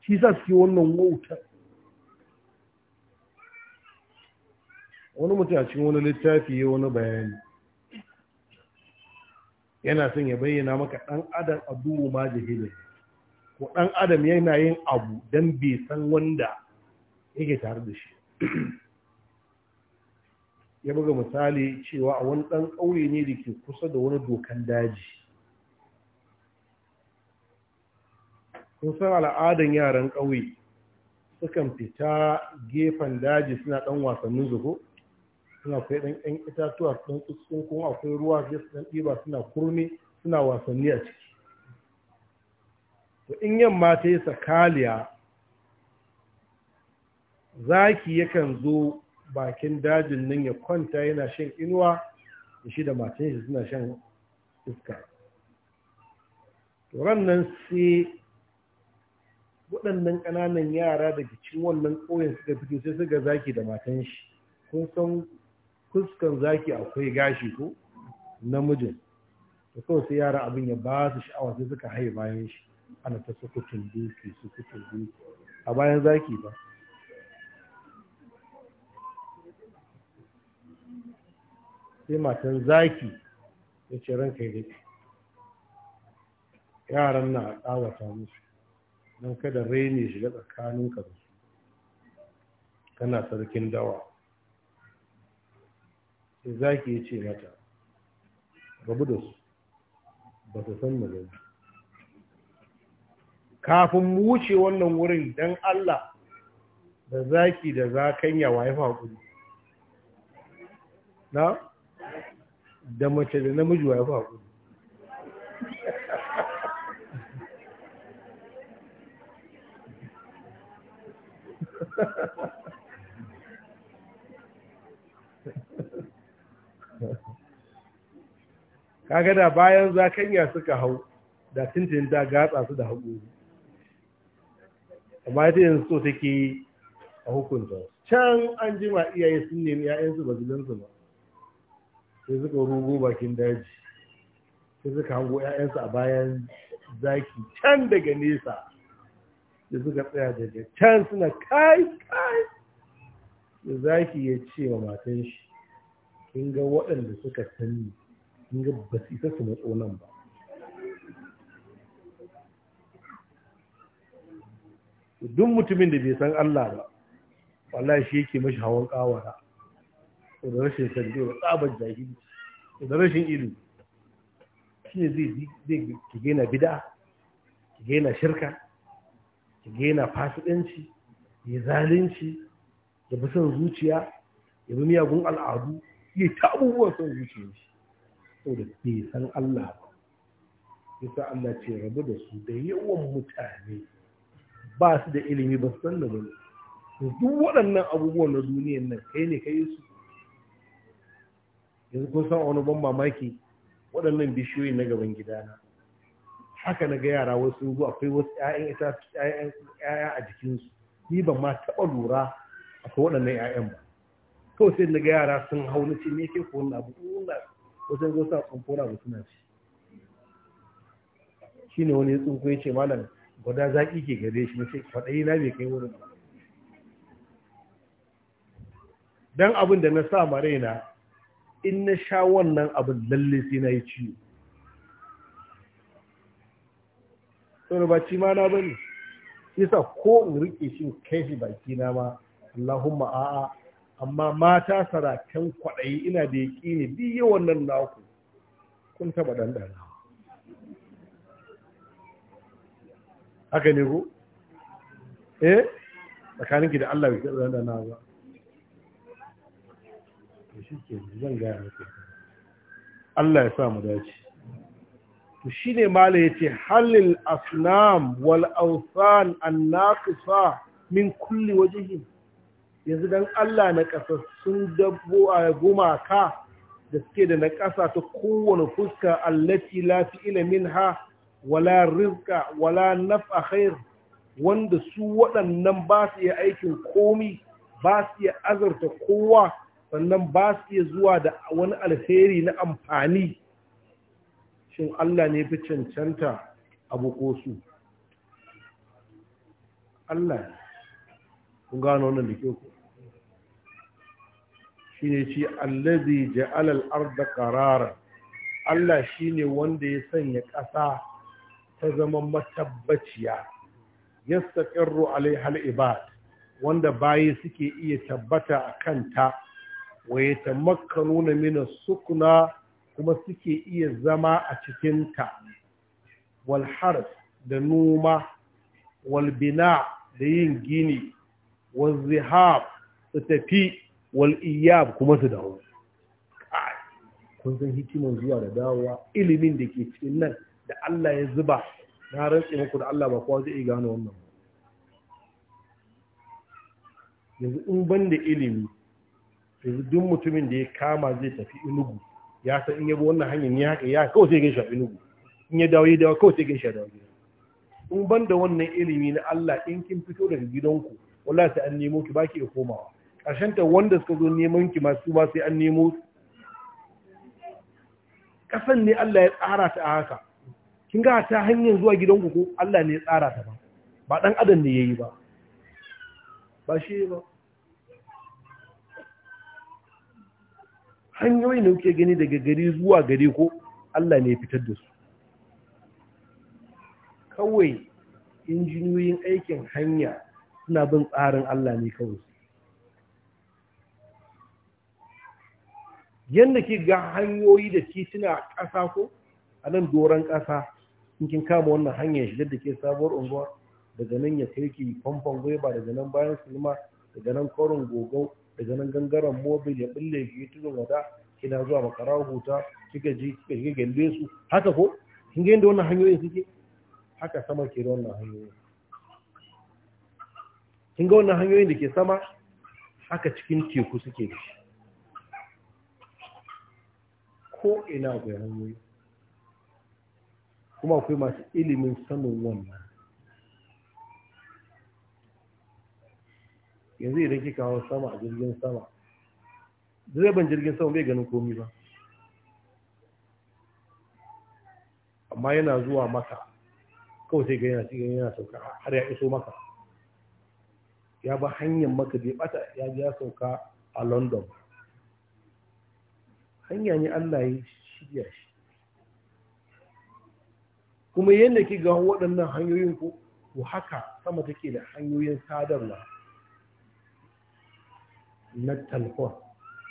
shi sa ke wannan wautar wani mutum a cikin wani littafi ya wani bayani yana son ya bayyana maka ɗan adam abu ma jahili ko ɗan adam yana yin abu don bai san wanda yake tare da shi ya buga misali cewa a wani ɗan ƙauye ne da ke kusa da wani dokan daji kun san al'adan yaran ƙauye sukan fita gefen daji suna ɗan wasannin zugo suna kai ɗan itatuwa ɗan tsutsun kuma akwai ruwa sai su ɗan ɗiba suna kurmi suna wasanni a ciki to in yamma ta yi sakaliya zaki yakan zo bakin dajin nan ya kwanta yana shan inuwa da shi da matan shi suna shan iska nan sai waɗannan ƙananan yara da cikin wannan ƙoyin suka fito sai suka zaki da matan shi kun san fuskan zaki akwai gashi ko namijin da kawai sai yara abin ya ba su sha'awa sai suka haye bayan shi ana ta sukutun duki sukutun duki a bayan zaki ba sai matan zaki ya ce ranka ya yaran na ƙawata musu don kada raini shiga tsakanin ka su kana sarkin dawa sai zaki ya ce mata rabu da su ba su san magana kafin mu wuce wannan wurin don Allah da zaki da zakanya wa ya faƙuri na da mace da namiji wa ya fi haƙuri kaga da bayan zakanya suka hau da tintin da gatsa su da haƙuri amma ita yanzu so take a hukunta can an jima iyaye sun nemi 'ya'yansu ba su ba sai suka rugu bakin daji sai suka hango 'ya'yansu a bayan zaki can daga nesa da suka tsaya daga can suna kai kai da zaki ya ce wa matan shi kin ga waɗanda suka sani kin ga ba su isa su matso nan ba duk mutumin da bai san Allah ba wallahi shi yake mashi hawan kawara da rashin sanje da tsabar jahili da rashin ilimi shi ne zai ki gina bid'a ki gina shirka ki gina fasidanci ya zalunci ya bi son zuciya ya bi miyagun al'adu ya ta abubuwan son zuciya shi saboda bai san Allah ba yasa Allah ce rabu da su da yawan mutane ba su da ilimi ba su san da ba duk waɗannan abubuwan na duniyan nan kai ne kai su yanzu kun san wani ban mamaki waɗannan bishiyoyi na gaban gidana haka na ga yara wasu zuwa akwai wasu ƴaƴan ƴaƴa a jikinsu ni ban ma taɓa lura akwai waɗannan ƴaƴan ba kawai sai na ga yara sun hau na ce me ke ko wani abu wasu zo sa tsunkona ba suna ci shine wani tsinko ya ce malam gwada zaƙi ke gare shi na ce kwaɗayi na bai kai wurin ba Dan abin da na sa ma raina in na sha wannan abin lalle sai na yi ciwo saboda ba ci ma na bane isa ko in rike shi kai shi baki na ma Allahumma a'a amma mata sarakan kwaɗayi ina da yaƙini Bi yawan nan naku kun taɓa ɗanɗana haka ne ko eh tsakaninki da Allah bai taɓa ɗanɗana ba to shi ke zan gaya maka Allah ya sa mu dace to shine mala yace halil asnam wal awsan an naqisa min kulli wajhin yanzu dan Allah na sun dabbo a gumaka da suke da naƙasa ta kowane fuska allati la fi'ila minha wala rizqa wala naf'a khair wanda su waɗannan ba su yi aikin komi ba su yi azurta kowa sannan ba su iya zuwa da wani alheri na amfani shin Allah ne fi cancanta abu ko su Allah ne kun gano wannan da ku shi ne ce allazi ja'ala alal arda qarara Allah shi ne wanda ya sanya ƙasa ta zama matabbaciya yastaqirru alaiha al-ibad wanda bayi suke iya tabbata a kanta wa nuna min sukuna kuma suke iya zama a cikin ta da noma walbina da yin gini wal su tafi wal kuma su dawo kun san hikiman zuwa da dawowa ilimin da ke cikin nan da Allah ya zuba na rantse muku da Allah ba kowa zai gano wannan yanzu in banda ilimi duk mutumin da ya kama zai tafi inugu ya san in yabo wannan hanyar ni haka ya kawai sai gaisha inugu in ya dawo ya dawo kawai sai gaisha dawo gida in ban da wannan ilimi na Allah in kin fito daga gidanku wallahi sai an nemo ki baki ya komawa karshen ta wanda suka zo neman ki masu ba sai an nemo kasan ne Allah ya tsara ta haka kin ga ta hanyar zuwa gidanku ko Allah ne ya tsara ta ba ba dan adam ne yayi ba ba shi ba hanyoyi da kuke gani daga gari zuwa gari ko Allah ne ya fitar da su kawai injiniyoyin aikin hanya suna bin tsarin Allah ne kawai yadda ke ga hanyoyi da tituna ƙasa ko a nan doron ƙasa in kin kama wannan hanyar shigar da ke sabuwar unguwa daga nan ya kai ki famfon gwaiba daga nan bayan sulma daga nan korin gogau daga nan gangaren mobil ya bulle ki tuzo wada kina zuwa makara huta kika ji kika shiga gelle su haka ko kin ga yadda wannan hanyoyin suke haka sama ke da wannan hanyoyin kin ga wannan hanyoyin da ke sama haka cikin teku suke da shi ko ina akwai hanyoyi kuma akwai masu ilimin sanin wannan yanzu idan kika kawo sama a jirgin sama direban jirgin sama bai ganin komi ba amma yana zuwa maka kawai sai gani yana cikin yana sauka har ya iso maka ya ba hanyar maka bai bata ya ji ya sauka a london hanya ne allah ya shirya shi kuma yadda ki ga waɗannan hanyoyin ku haka sama take da hanyoyin sadarwa na telefon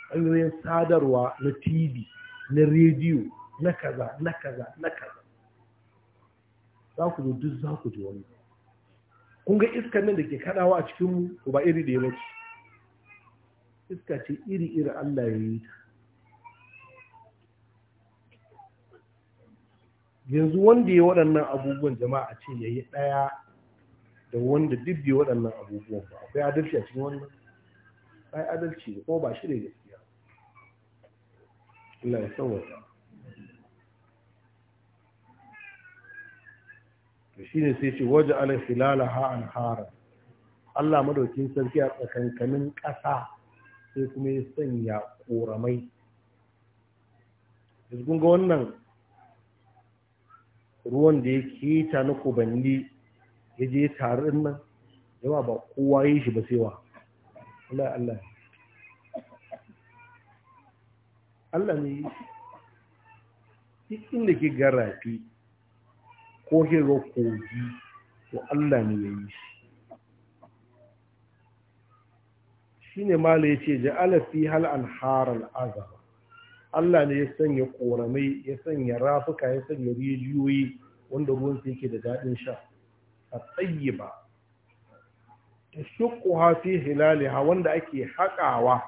hanyoyin sadarwa na tv na rediyo na kaza na kaza na kaza za ku zo duk za ku ji wani kun ga iskan nan da ke kaɗawa a cikinmu ko ba iri da ya mace? iska ce iri iri Allah ya yi ta yanzu wanda ya waɗannan abubuwan jama'a ce ya yi ɗaya da wanda duk waɗannan abubuwan ba akwai adalci a cikin wannan ai adalci ne ko ba shi ne gaskiya Allah ya sauwata to ne sai ce waje ala hilala ha an hara Allah madaukin sarki a tsakankanin ƙasa sai kuma ya sanya ƙoramai yanzu ga wannan ruwan da ya keta na kubanni ya je tarin nan yawa ba kowa yi shi ba sai wa Allah Allah Allah ne cikin inda ke garafi ko hero kogi to Allah ne ya yi shi shi ne mala ya ce ji alafi hal anharal azaba Allah ne ya sanya koramai ya sanya rafuka ya sanya rijiyoyi wanda ruwan su yake da daɗin sha a tsayi ba tashuqquha fi hilaliha wanda ake haƙawa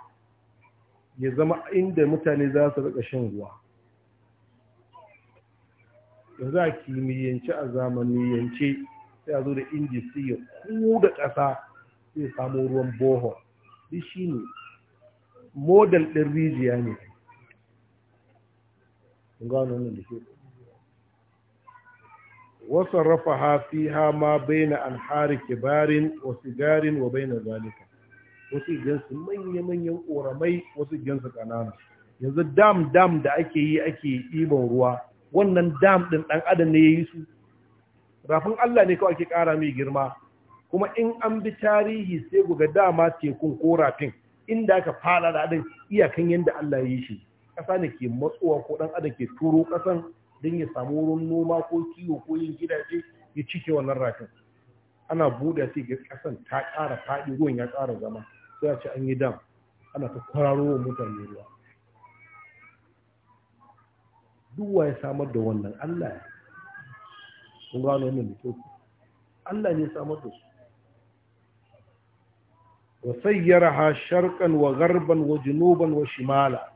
ya zama inda mutane za su rika shan ruwa za a kimiyyance a yance sai a zo da inji sai ya kuda ƙasa sai samu ruwan boho shi shi ne model ɗin rijiya ne gano wannan da ke وصرفها فيها ما بين أنحار كبار وسجار وبين ذلك wasu gansu manya-manyan ƙoramai wasu gansu ƙanana yanzu dam dam da ake yi ake iban ruwa wannan dam ɗin ɗan adam ne ya yi su rafin Allah ne kawai ake ƙara mai girma kuma in an bi tarihi sai guga dama tekun ko rafin inda aka faɗa da iyakan yadda Allah ya yi shi ƙasa ne ke matsowa ko ɗan adam ke turo ƙasan don ya samu wurin noma ko kiwo ko yin gidaje ya cike wannan rafin ana buɗe sai ga ƙasan ta ƙara faɗi ruwan ya ƙara zama sai a ce an yi dam ana ta kwararo wa mutane ruwa duk wa ya samar da wannan Allah ya kun gano wannan mutum Allah ne samar da su wa ha sharqan wa gharban wa junuban wa shimala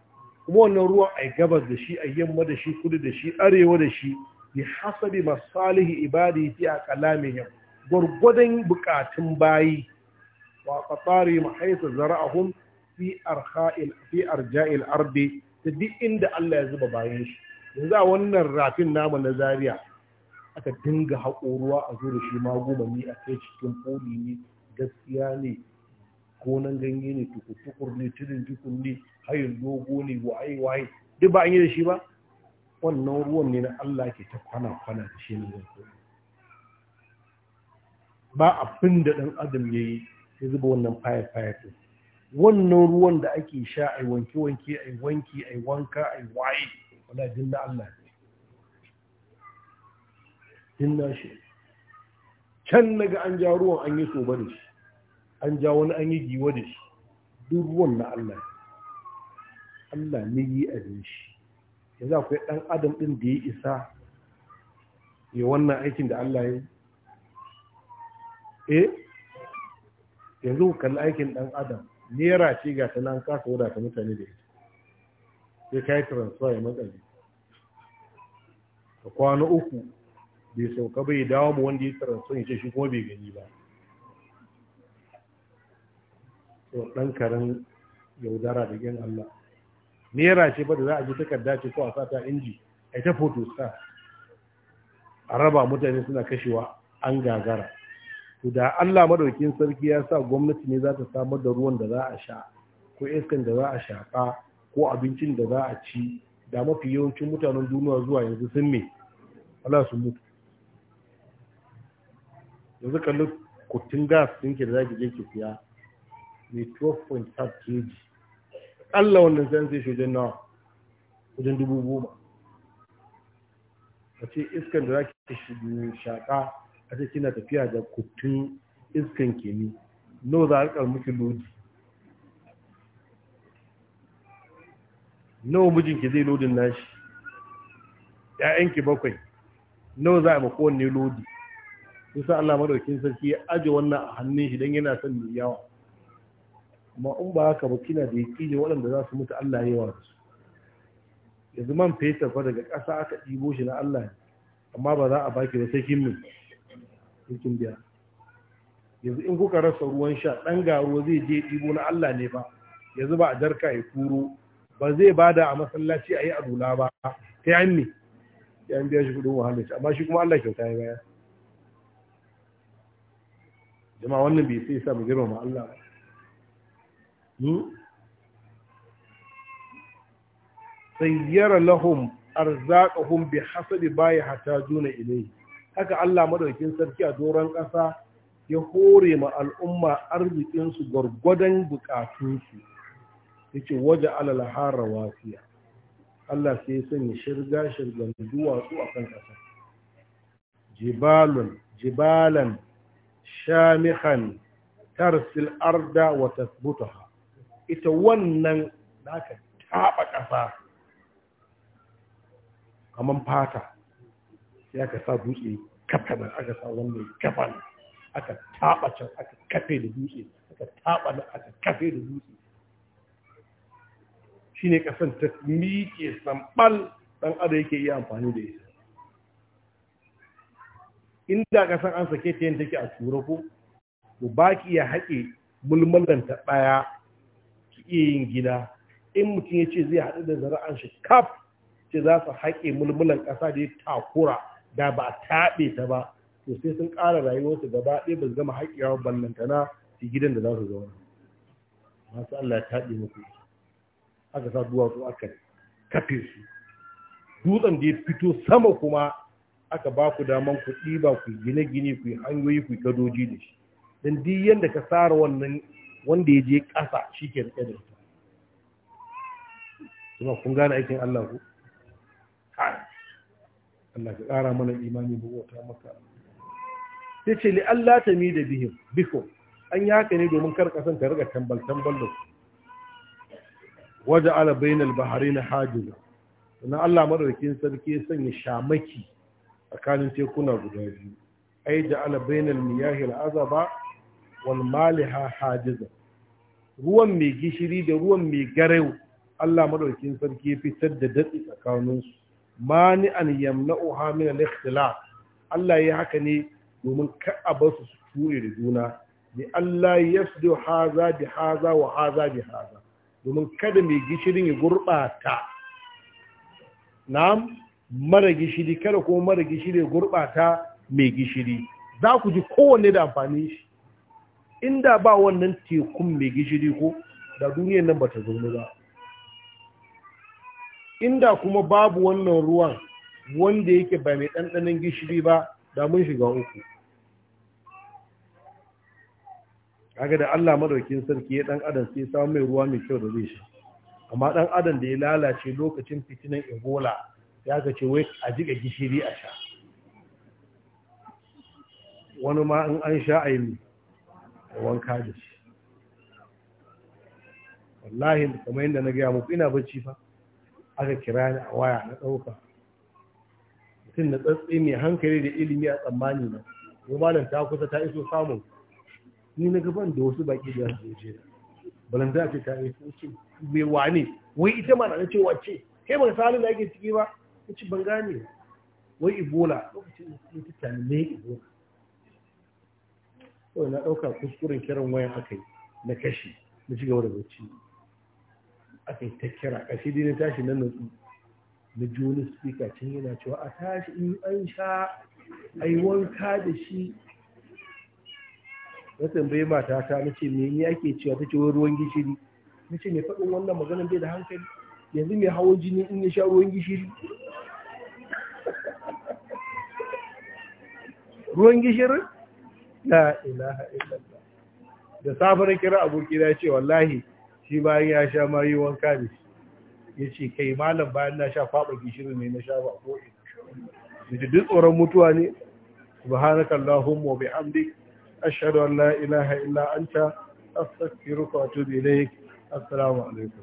kuma wannan ruwan ai gabas da shi ai yamma da shi kudu da shi arewa da shi bi hasabi masalihi ibadi fi aqlamihim gurgudan bukatun bayi wa qatari mahaisu zara'ahum fi arkha'il fi arja'il ardi da inda Allah ya zuba bayan shi yanzu a wannan rafin namu na Zaria aka dinga haƙo ruwa a zo da shi magumami a kai cikin foli ne gaskiya ne gonan ganye ne tukur ne cikin dukun ne hayin dogo ne waye waye duk ba an yi da shi ba wannan ruwan ne na Allah ke ta kwana kwana da shi ne zai koyi ba abin da ɗan adam ya yi ya zuba wannan fire fire to wannan ruwan da ake sha a wanke wanke a wanki a wanka a waye wala din na Allah ne din na shi can naga an ja ruwan an yi soba da shi an ja wani an yi giwa da shi duk ruwan na Allah Allah ne yi abin shi ku yi ɗan adam ɗin da ya isa ya wannan aikin da Allah ya eh yanzu kalli aikin ɗan adam nera ce ga ta nan kasa wadata mutane da ita sai ka yi transfer ya matsayi. ka kwana uku bai sauka bai dawo ma wanda ya transfer ya ce shi kuma bai gani ba to ɗan karen yaudara da yin Allah Nera ce ba da za a ji takarda ce ko a sata inji a ta foto sa a raba mutane suna kashewa an gagara to da Allah madaukin sarki ya sa gwamnati ne za ta samar da ruwan da za a sha ko iskan da za a shafa ko abincin da za a ci da mafi yawancin mutanen duniya zuwa yanzu sun me Allah su mutu yanzu kallon kutun gas ɗinki da za ki je ki siya mai 12.5 kg Allah wannan sai sai shujen wajen nawa wajen dubu goma a ce iskan da za ki shaƙa a ce kina tafiya da kutun iskan ne? nawa za a rikar muke lodi nawa mijinki zai lodin nashi ‘ya'yanki bakwai nawa za a mako wanne lodi kusa Allah madaukin sarki ya aje wannan a hannun shi don yana son mai yawa amma in ba haka ba kina da ne waɗanda za su mutu Allah yawa da su yanzu man fetur fa daga ƙasa aka ɗibo shi na Allah ne amma ba za a baki ba sai kin kin biya yanzu in kuka rasa ruwan sha ɗan garuwa zai je ɗibo na Allah ne ba yanzu ba a jarka ya kuro ba zai bada a masallaci a yi a dula ba ta yan ne yan biya shi kudin wahala shi amma shi kuma Allah kyauta ya baya jama'a wannan bai sai sa mu girmama Allah ba sayyara lahum arzaqahum bi hasabi bayi hata juna ilai haka Allah madaukin sarki a doron ƙasa ya hore ma al'umma arzikinsu gwargwadon bukatunsu ce waje alal hara wasiya Allah sai ya sanya shirga shirgan duwatsu a kan ƙasa jibalun jibalan shamihan tarsil arda wa tasbutaha ita wannan da aka taɓa ƙasa kamar fata sai aka sa dutse kafana aka sa wannan kafana aka taɓa can aka kafe da dutse aka taɓa da aka kafe da dutse shi ne ƙasan ta miƙe samɓal ɗan ada yake yi amfani da ita inda ƙasan an sake ta yin take a tura ko to baki ya haƙe mulmulanta ɗaya iya yin gida in mutum ya ce zai haɗu da zara'an shi kaf ce za su haƙe mulmulan ƙasa da ya takura da ba a taɓe ta ba to sai sun ƙara rayuwarsu gaba ɗaya ba su gama haƙewa ballantana su gidan da za su zauna masu Allah ya taɓe muku aka sa duwatsu aka kafe su dutsen da ya fito sama kuma aka ba ku daman ku ɗiba ku gine-gine ku hanyoyi ku kadoji da shi dan duk yadda ka tsara wannan wanda ya je ƙasa shi ke riƙe da ita kuma kun gane aikin Allah ku Allah ka ƙara mana imani bugota maka sai ce li Allah ta mi da bihim biko an yi haka ne domin kar ƙasan ta riga tambal tambal da ku waje ala bainal bahari na hajjiza sannan Allah madaukakin sarki ya sanya shamaki kanin tekuna guda biyu ai da ala bainal miyahil azaba wal maliha hajiza ruwan mai gishiri da ruwan mai garewu Allah madaukin sarki fitar da datsi tsakaninsu mani an yamna'uha min al Allah ya haka ne domin kar a basu su ture da juna bi Allah yasdu haza bi haza wa haza bi haza domin kada mai gishirin ya gurbata na'am mara gishiri kada kuma mara gishiri ya gurbata mai gishiri za ku ji kowanne da amfani shi inda ba wannan tekun mai gishiri ko da duniyan nan ba ta zaune ba inda kuma babu wannan ruwan wanda yake ba mai ɗanɗanin gishiri ba da mun shiga uku kaga da Allah madaukin sarki ya dan adam sai samu mai ruwa mai kyau da zai shi amma dan adam da ya lalace lokacin fitinan Ebola ya ga ce wai a jiga gishiri a sha wani ma in an sha ayi da wanka da shi wallahi kamar yadda na gaya muku ina bacci fa aka kira ni a waya na ɗauka mutum na tsatsi mai hankali da ilimi a tsammani na malam ta kusa ta iso samun ni na gaban da wasu baki da su je da balan a ce ta iso ce mai wane wai ita ma na ce wace kai ba sa halin da ake ciki ba ta ci ban gane wai ibola lokacin da ta talle ibola kawai na ɗauka kuskuren kiran waya aka yi na kashi na ci gaba da bacci aka yi ta kira dai na tashi nan nutsu, na ji wani speaker can yana cewa a tashi in an sha a da shi na tambaye mata ta na ce me ne ake cewa ta ce ruwan gishiri na ce me faɗin wannan maganar bai da hankali yanzu mai hawan jini in ya sha ruwan gishiri [LAUGHS] ruwan gishirin la ilaha illallah da safar kira abokina ya ce wallahi shi bayan ya sha mayi wanka ne ya ce kai malam bayan na sha faɓa gishirin ne na sha ba ko da duk tsoron mutuwa ne subhanaka allahumma bihamdik ashhadu an la ilaha illa anta astaghfiruka wa atubu ilayk assalamu alaikum